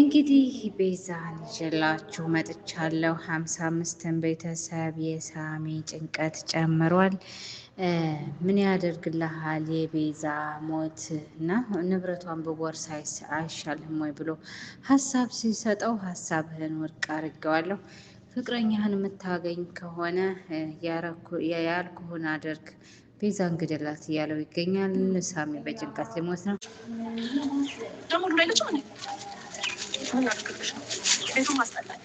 እንግዲህ ቤዛን ይዤላችሁ መጥቻለሁ። ሀምሳ አምስትን ቤተሰብ የሳሚ ጭንቀት ጨምሯል። ምን ያደርግልሃል የቤዛ ሞት እና ንብረቷን በቦርሳ አይሻልም ወይ ብሎ ሀሳብ ሲሰጠው ሀሳብህን ውድቅ አድርጌዋለሁ። ፍቅረኛህን የምታገኝ ከሆነ ያልኩህን አድርግ ቤዛን ግደላት እያለው ይገኛል። ሳሚ በጭንቀት ሊሞት ነው። ምን ላድርግልሽ ነው? ቤቱ ማስጠላል።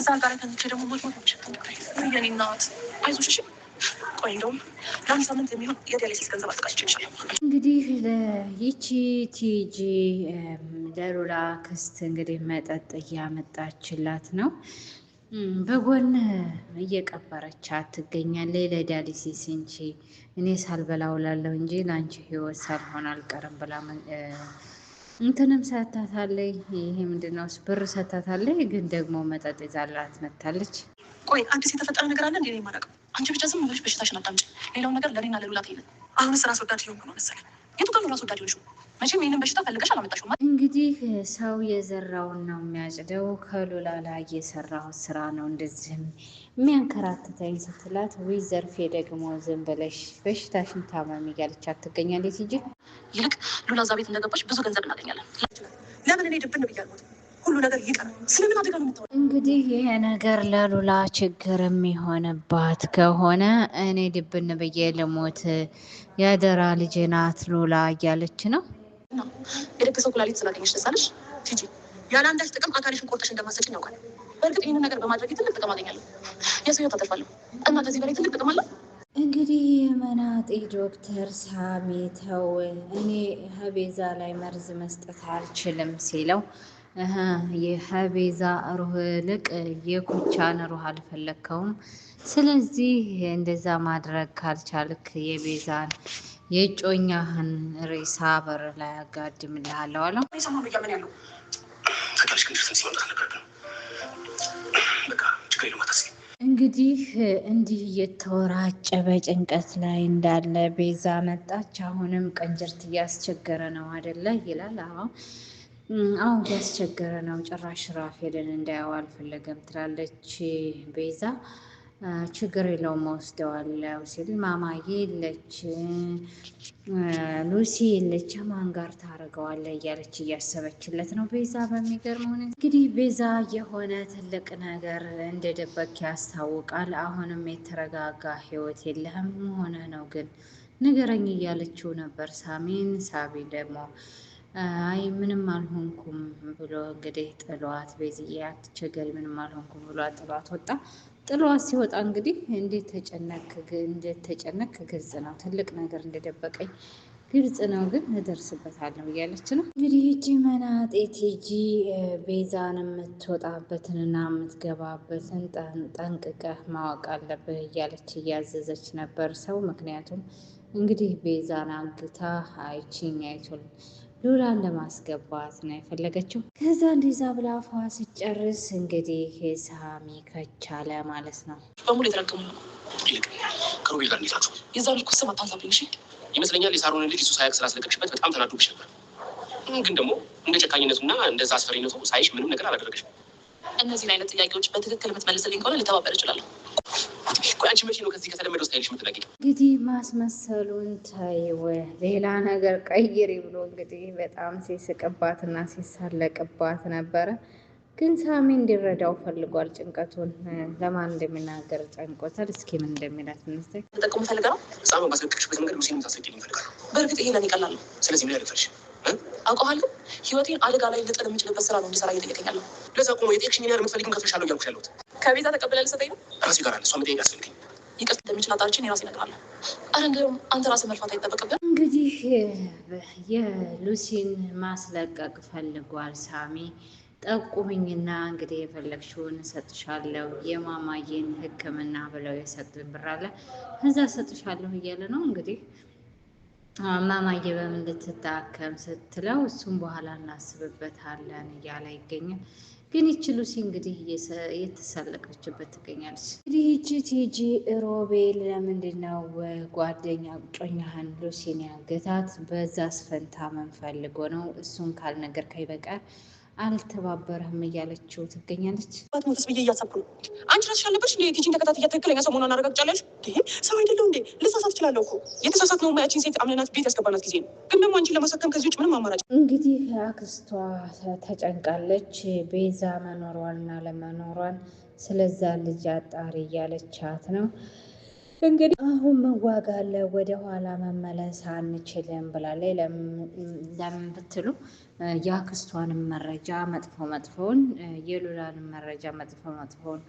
እዛ ጋር ተንቼ ደግሞ ሞት ሞት ምችት የኔ እናት አይዞሽ እሺ እንግዲህ ይቺ ቲጂ ለሉላ ክስት እንግዲህ መጠጥ እያመጣችላት ነው። በጎን እየቀበረቻት ትገኛለች። ለዳሊሲስ እንቺ እኔ ሳልበላ ውላለሁ እንጂ ለአንቺ ህይወት ሳልሆን አልቀርም ብላ እንትንም ሰታታለይ ይሄ ምንድነው ብር ሰታታለይ። ግን ደግሞ መጠጥ ይዛላት መታለች። ቆይ አዲስ የተፈጠረ ነገር አለ እንዴ? ማለቅ አንቺ ብቻ ዝም ብለሽ በሽታሽን አዳምጪ። ሌላው ነገር ለኔና ለሉላት ይለን። አሁን ስራ አስወዳድ ሊሆን ነው መሰለኝ የቱጋኑ ራስ ወዳድ ሆንሽ? መቼም ይህንን በሽታ ፈልገሽ አላመጣሽው። እንግዲህ ሰው የዘራውን ነው የሚያጭደው። ከሉላ ላይ የሰራው ስራ ነው እንደዚህም የሚያንከራትተኝ ስትላት፣ ወይ ዘርፌ ደግሞ ዝም ብለሽ በሽታሽን ታማሚ እያለቻት ትገኛለች። ይልቅ ሉላ እዛ ቤት እንደገባሽ ብዙ ገንዘብ እናገኛለን። ለምን እኔ ድብን ብያለሁ ሁሉ ነገር ይቀር። ስለምን አደጋ ነው የምታወራው? እንግዲህ ይሄ ነገር ለሉላ ችግር የሚሆንባት ከሆነ እኔ ድብን ብዬ ልሞት፣ የደራ ልጄ ናት ሉላ እያለች ነው። የደገሰው ኩላሊት ስላገኘሽ ደሳለሽ ቲጂ ያለ አንዳች ጥቅም አካልሽን ቆርጠሽ እንደማሰጭ ያውቃል። በእርግጥ ይህንን ነገር በማድረግ ትልቅ ጥቅም አገኛለሁ፣ የሰው ሕይወት አተርፋለሁ እና ከዚህ በላይ ትልቅ ጥቅም አለ። እንግዲህ የመናጤ ዶክተር ሳሚ ተው፣ እኔ ሀቤዛ ላይ መርዝ መስጠት አልችልም ሲለው የሀቤዛ ሩህ ልቅ የኩቻን ሩህ አልፈለግከውም። ስለዚህ እንደዛ ማድረግ ካልቻልክ የቤዛን የጮኛህን ሬሳ በር ላይ አጋድምልሃለሁ አለው። እንግዲህ እንዲህ እየተወራጨ በጭንቀት ላይ እንዳለ ቤዛ መጣች። አሁንም ቀንጀርት እያስቸገረ ነው አደለ? ይላል አሁን አሁን ያስቸገረ ነው። ጭራሽ ራፌልን እንዳያው አልፈለገም ትላለች ቤዛ። ችግር የለውም ወስደዋለሁ ሲል ማማዬ የለች ሉሲ የለች ማን ጋር ታደርገዋለ እያለች እያሰበችለት ነው ቤዛ። በሚገርም ሆነ እንግዲህ ቤዛ የሆነ ትልቅ ነገር እንደ ደበቅ ያስታውቃል። አሁንም የተረጋጋ ህይወት የለህም ሆነ ነው ግን ንገረኝ እያለችው ነበር ሳሚን። ሳቢ ደግሞ አይ ምንም አልሆንኩም ብሎ እንግዲህ ጥሏት ቤዝዬ አትቸገሪ ምንም አልሆንኩም ብሎ ጥሏት ወጣ። ጥሏት ሲወጣ እንግዲህ እንዴት ተጨነክ እንዴት ተጨነክ ግልጽ ነው። ትልቅ ነገር እንደደበቀኝ ግልጽ ነው፣ ግን እደርስበታለሁ እያለች ነው እንግዲህ እጅ መናጤት እጂ ቤዛን የምትወጣበትንና የምትገባበትን ጠንቅቀህ ማወቅ አለብህ እያለች እያዘዘች ነበር ሰው ምክንያቱም እንግዲህ ቤዛን አግታ አይችኝ አይቶል ሉላን ለማስገባት ነው የፈለገችው። ከዛ እንዲዛ ብላ ፏ ስጨርስ እንግዲህ ሳሚ ከቻለ ማለት ነው በሙሉ የተረከሙ ከሩቤ ጋር እንዴታችሁ የዛ ልኩ ስም አታንሳብኝ። እሺ ይመስለኛል የሳሮን ልጅ ሱ ሳያቅ ስላስለቀቅሽበት በጣም ተናዶብሽ ነበር። ግን ደግሞ እንደ ጨካኝነቱና እንደዛ አስፈሪነቱ ሳይሽ ምንም ነገር አላደረገሽም። እነዚህን አይነት ጥያቄዎች በትክክል የምትመልስልኝ ከሆነ ልተባበር እችላለሁ። አንቺ መቼ ነው ከዚህ ከተለመደ ውስጥ ኃይልሽ እንግዲህ ማስመሰሉን ታይወ ሌላ ነገር ቀይሪ ብሎ እንግዲህ በጣም ሲስቅባትና ሲሳለቅባት ነበረ። ግን ሳሚ እንዲረዳው ፈልጓል። ጭንቀቱን ለማን እንደሚናገር ጨንቆታል። እስኪ ምን እንደሚላት ንስ ተጠቅሙ ፈልጋ ነው ጻ ማስለቀሽ በመንገድ ሙሴ ምታሰግ ይፈልጋል። በእርግጥ ይሄ ለኔ ቀላል ነው። ስለዚህ ምን ያደርፈልሽ አውቀዋለሁ። ህይወቴን አደጋ ላይ ልጥል የምችልበት ስራ ነው እንዲሰራ እየጠየቀኝ ያለው። ለዛ ቆሞ የጤክሽ ኢንጂነር የምትፈልግ ከፍልሻለሁ እያልኩሽ ያለሁት ከቤዛ ተቀብላ ልሰጠኝ ነው። ራሱ ይቀራል እሷ መጠየቅ ያስፈልገኝ ይቅርት እንግዲህ የሉሲን ማስለቀቅ ፈልጓል ሳሚ። ጠቁምኝና እንግዲህ የፈለግሽውን እሰጥሻለሁ፣ የማማዬን ሕክምና ብለው የሰጡኝ ብር አለ እዛ እሰጥሻለሁ እያለ ነው እንግዲህ ማማዬ በምን ልትታከም ስትለው እሱም በኋላ እናስብበታለን እያለ ይገኛል። ግን ይቺ ሉሲ እንግዲህ የተሰለቀችበት ትገኛለች። እንግዲህ ይቺ ቲጂ ሮቤል ለምንድን ነው ጓደኛ ጮኛህን ሉሲን ያገታት? በዛ ስፈንታ መንፈልጎ ነው እሱን ካልነገርከኝ በቀር አልተባበረህም እያለችው ትገኛለች። ሞትስ ብዬ እያሰብኩ ነው። አንቺ ራስሽ አለበሽ እንዴ ቲችን ተከታትያ ትክክለኛ ሰው መሆኗን አረጋግጫለሽ። ሰው አይደለሁ እንዴ ልሳሳት እችላለሁ እኮ የተሳሳት ነው ማያችን ሴት አምነናት ቤት ያስገባናት ጊዜ ነው። ግን ደግሞ አንቺን ለማሳከም ከዚህ ውጭ ምንም አማራጭ እንግዲህ አክስቷ ተጨንቃለች። ቤዛ መኖሯንና ለመኖሯን ስለዛ ልጅ አጣሪ እያለቻት ነው እንግዲህ አሁን መዋጋለ ወደ ኋላ መመለስ አንችልም ብላለች። ለምን ብትሉ የአክስቷንም መረጃ መጥፎ መጥፎውን የሉላንም መረጃ መጥፎ መጥፎውን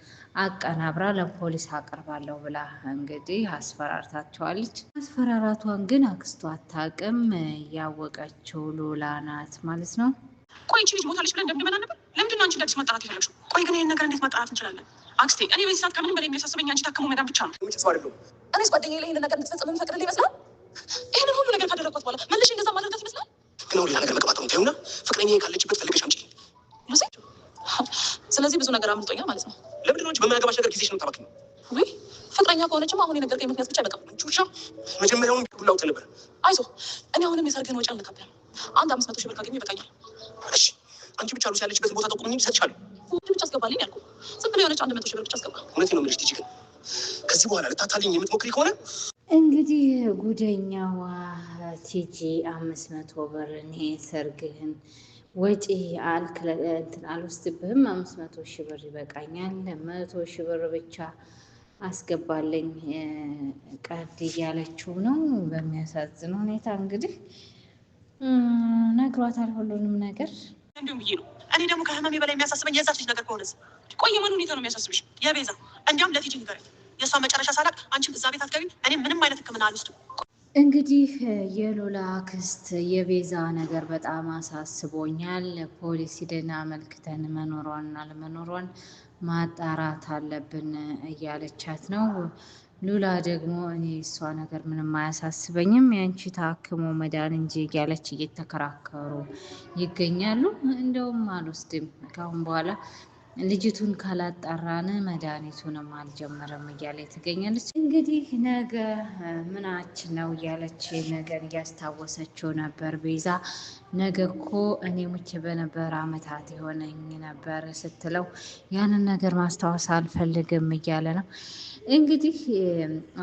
አቀናብራ ለፖሊስ አቅርባለሁ ብላ እንግዲህ አስፈራርታቸዋለች። አስፈራራቷን ግን አክስቷ አታውቅም፣ ያወቀችው ሉላ ናት ማለት ነው። ቆይ እንቺ ልጅ ሞታለች ብለን እንደምንመና ነበር። ለምንድን ነው አንቺ ለብስ ማጣራት የፈለግሽው? ቆይ ግን ይህን ነገር እንዴት ማጣራት እንችላለን? አክስቴ፣ እኔ በዚህ ሰዓት ከምንም በላይ የሚያሳስበኝ አንቺ ታክሞ መዳን ብቻ ነው። እኔስ ጓደኛዬ ላይ ይህን ነገር እንድትፈጽም የምፈቅድልህ ይመስላል? ይህንን ሁሉ ነገር ካደረግኩት በኋላ መልሼ እንደዛ ማድረጋት ይመስላል? ግን ሌላ ነገር መቀባጠሩ ታዩና ፍቅረኛ ካለችበት ፈልገሽ አምጪ። ስለዚህ ብዙ ነገር አምልጦኛል ማለት ነው። ለምንድን ነው በማያገባሽ ነገር ጊዜሽ ነው ታባክ ነው? ውይ ፍቅረኛ ከሆነችማ አሁን የነገርከኝ ምክንያት ብቻ አይበቃም። ቹሻ መጀመሪያውን ሁላ አውጥተህ ነበር። አይዞህ፣ እኔ አሁንም የሰርግህን ወጪ አልነካብህም። አንድ አምስት መቶ ሺህ ብር ካገኘሁ ይበቃኛል። እሺ አንቺ ብቻ ሉሲ ያለችበት ቦታ ጠቁምኝ፣ እሰጥሻለሁ። ብቻ አስገባልኝ ያልኩህ ዝም ብለህ የሆነች አንድ መቶ ሺህ ብር ብቻ አስገባ። እውነቴን ነው የምልሽ ቲጂ፣ ግን ከዚህ በኋላ ልታታልኝ የምትሞክሪ ከሆነ እንግዲህ ጉደኛዋ ቲጂ አምስት መቶ ብር እኔ ሰርግህን ወጪ አልክለትን አልወስድብህም። አምስት መቶ ሺህ ብር ይበቃኛል። መቶ ሺህ ብር ብቻ አስገባለኝ ቀድ እያለችው ነው። በሚያሳዝን ሁኔታ እንግዲህ ነግሯታል ሁሉንም ነገር እንዲሁም ብዬ ነው። እኔ ደግሞ ከህመሜ በላይ የሚያሳስበኝ የዛች ልጅ ነገር ከሆነ ቆይ የምን ሁኔታ ነው የሚያሳስብሽ? የቤዛ እንዲያውም ለቲጂ ንገሪያት። የእሷ መጨረሻ ሳላቅ አንቺም እዛ ቤት አትገቢ፣ እኔም ምንም አይነት ህክምና አልወስድም። እንግዲህ የሎላ ክስት የቤዛ ነገር በጣም አሳስቦኛል። ፖሊስ ሂደን አመልክተን መኖሯን አለመኖሯን ማጣራት አለብን እያለቻት ነው ሉላ ደግሞ እኔ እሷ ነገር ምንም አያሳስበኝም ያንቺ ታክሞ መዳን እንጂ እያለች እየተከራከሩ ይገኛሉ። እንደውም አልወስድም ካሁን በኋላ ልጅቱን ካላጣራን መድኃኒቱንም አልጀምርም እያለ ትገኛለች። እንግዲህ ነገ ምናችን ነው እያለች ነገር እያስታወሰችው ነበር ቤዛ። ነገ እኮ እኔ ሙቼ በነበረ አመታት የሆነኝ ነበር ስትለው ያንን ነገር ማስታወስ አልፈልግም እያለ ነው እንግዲህ።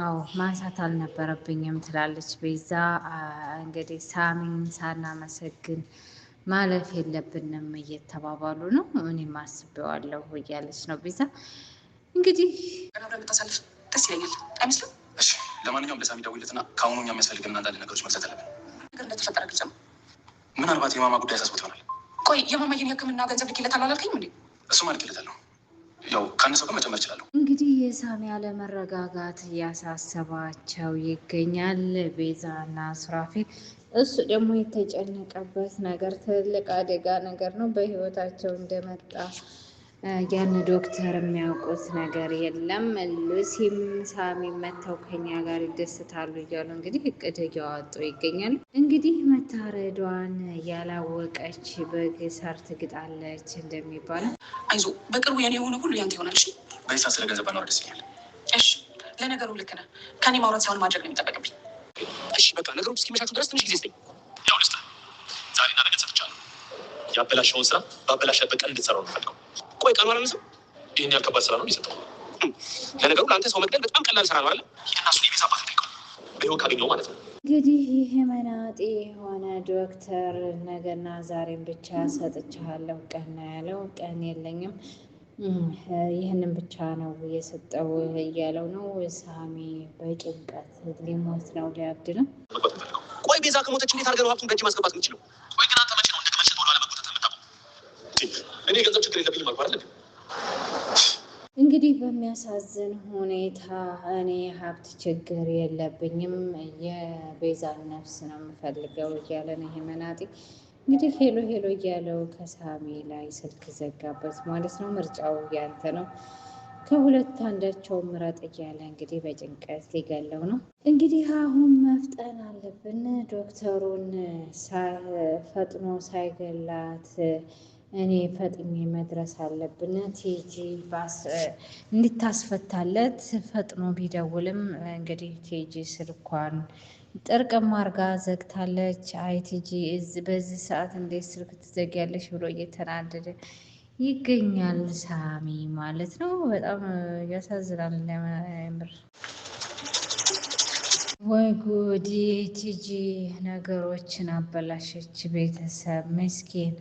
አዎ ማንሳት አልነበረብኝም ትላለች ቤዛ። እንግዲህ ሳሚን ሳናመሰግን ማለፍ የለብንም እየተባባሉ ነው። እኔ ማስቤዋለሁ እያለች ነው ቤዛ። እንግዲህ ብታሳልፍ ደስ ይለኛል አይመስልም? ለማንኛውም ለሳሚ ከአሁኑ እኛ አንዳንድ ነገሮች መግዛት አለብን። ነገር እንደተፈጠረ ግልጽ ነው። ምናልባት የማማ ጉዳይ አሳስቦት ይሆናል። ቆይ የማማየን የሕክምና ገንዘብ ልኬለታለሁ አላልከኝም እንዴ? እሱም አልኬለታለሁ ያው ጋር መጨመር እንግዲህ የሳሚ አለመረጋጋት እያሳሰባቸው ይገኛል። እና ሱራፌል እሱ ደግሞ የተጨነቀበት ነገር ትልቅ አደጋ ነገር ነው። በህይወታቸው እንደመጣ ያን ዶክተር የሚያውቁት ነገር የለም። ሉሲም ሳሚ መተው ከኛ ጋር ይደስታሉ እያሉ እንግዲህ እቅድ እያወጡ ይገኛሉ። እንግዲህ መታረዷን ያላወቀች በግ ሳር ትግጣለች እንደሚባለው። አይዞ በቅርቡ የኔ የሆነ ሁሉ ያንተ ይሆናል። እሺ በይሳ ስለ ገንዘብ ደስ ይላል። እሺ ለነገሩ ልክ ነህ። ከኔ ማውራት ሳይሆን ማድረግ ነው የሚጠበቅብኝ እሺ በቃ ነገሩን እስኪመቻችሁ ድረስ ትንሽ ጊዜ ስጠኝ። ያው ዛሬና ነገ ሰጥቻለሁ። ያበላሸውን ስራ በአበላሸበት ቀን እንድትሰራው ቆይ ቀኑ ይህን ያህል ከባድ ስራ ነው የሚሰጠው። ለነገሩ ለአንተ ሰው መግደል በጣም ቀላል ስራ ነው አለ። ሂድና እሱን ጠይቀው በህይወት ካገኘው ማለት ነው። እንግዲህ ይህ የሆነ ዶክተር ነገና ዛሬን ብቻ ሰጥቻለሁ ቀን ያለው። ቀን የለኝም ይህንን ብቻ ነው የሰጠው እያለው ነው። ሳሚ በጭንቀት ሊሞት ነው፣ ሊያብድ ነው። ቆይ ቤዛ ከሞተች እንዴት አድርገህ ነው ሀብቱን በእጅ ማስገባት የምችለው? ቆይ ግን አንተ መቼ ነው እንደገመች ተሆነ አለመጎተት የምታውቀው? እኔ የገንዘብ ችግር የለብኝም አልኩህ አይደል? እንግዲህ በሚያሳዝን ሁኔታ እኔ ሀብት ችግር የለብኝም፣ የቤዛን ነፍስ ነው የምፈልገው እያለ ነው ይሄ መናጤ እንግዲህ ሄሎ ሄሎ እያለው ከሳሚ ላይ ስልክ ዘጋበት ማለት ነው። ምርጫው ያንተ ነው፣ ከሁለት አንዳቸው ምረጥ እያለ እንግዲህ በጭንቀት ሊገለው ነው። እንግዲህ አሁን መፍጠን አለብን። ዶክተሩን ፈጥኖ ሳይገላት እኔ ፈጥኜ መድረስ አለብን። ቲጂ እንድታስፈታለት ፈጥኖ ቢደውልም እንግዲህ ቲጂ ስልኳን ጥርቅም አርጋ ዘግታለች። አይቲጂ በዚህ ሰዓት እንዴት ስልክ ትዘጊያለሽ ብሎ እየተናደደ ይገኛል ሳሚ ማለት ነው። በጣም ያሳዝናል። ለምር ወይ ጉድ! ቲጂ ነገሮችን አበላሸች። ቤተሰብ ምስኪን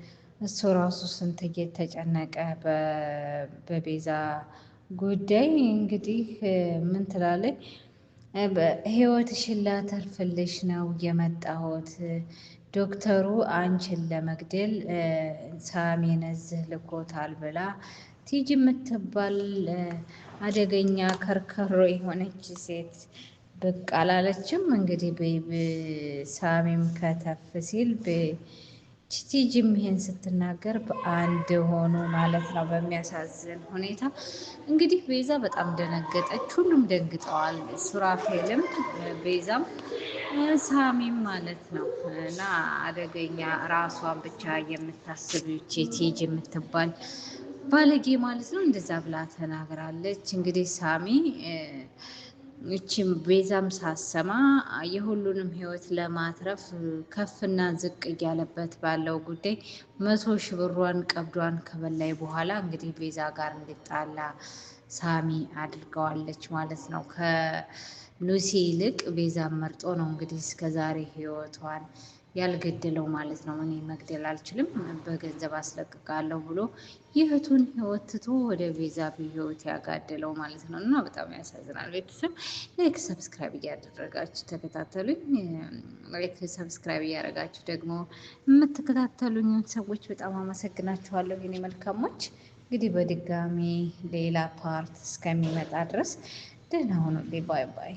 እሱ ራሱ ስንት እየተጨነቀ በቤዛ ጉዳይ እንግዲህ ምን ትላለች? ህይወትሽን ላተርፍልሽ ነው የመጣሁት። ዶክተሩ አንቺን ለመግደል ሳሜን እዚህ ልኮታል ብላ ቲጂ የምትባል አደገኛ ከርከሮ የሆነች ሴት ብቅ አላለችም። እንግዲህ ሳሚም ከተፍ ሲል ቲጂም ይሄን ስትናገር በአንድ ሆኖ ማለት ነው። በሚያሳዝን ሁኔታ እንግዲህ ቤዛ በጣም ደነገጠች። ሁሉም ደንግጠዋል። ሱራፌልም፣ ቤዛም፣ ሳሚም ማለት ነው እና አደገኛ ራሷን ብቻ የምታስብ ይቺ ቲጂ የምትባል ባለጌ ማለት ነው እንደዛ ብላ ተናግራለች። እንግዲህ ሳሚ እችም ቤዛም ሳሰማ የሁሉንም ህይወት ለማትረፍ ከፍና ዝቅ እያለበት ባለው ጉዳይ መቶ ሺ ብሯን ቀብዷን ከበላይ በኋላ እንግዲህ ቤዛ ጋር እንዲጣላ ሳሚ አድርገዋለች ማለት ነው። ከሉሲ ይልቅ ቤዛም መርጦ ነው እንግዲህ እስከዛሬ ህይወቷን ያልገደለው ማለት ነው። እኔ መግደል አልችልም በገንዘብ አስለቅቃለሁ ብሎ ይህቱን ህይወት ትቶ ወደ ቤዛ ህይወት ያጋደለው ማለት ነው። እና በጣም ያሳዝናል። ቤተሰብ ላይክ፣ ሰብስክራይብ እያደረጋችሁ ተከታተሉኝ። ላይክ፣ ሰብስክራይብ እያደረጋችሁ ደግሞ የምትከታተሉኝ ሰዎች በጣም አመሰግናችኋለሁ የኔ መልካሞች። እንግዲህ በድጋሚ ሌላ ፓርት እስከሚመጣ ድረስ ደህና ሁኑልኝ። ባይ ባይ።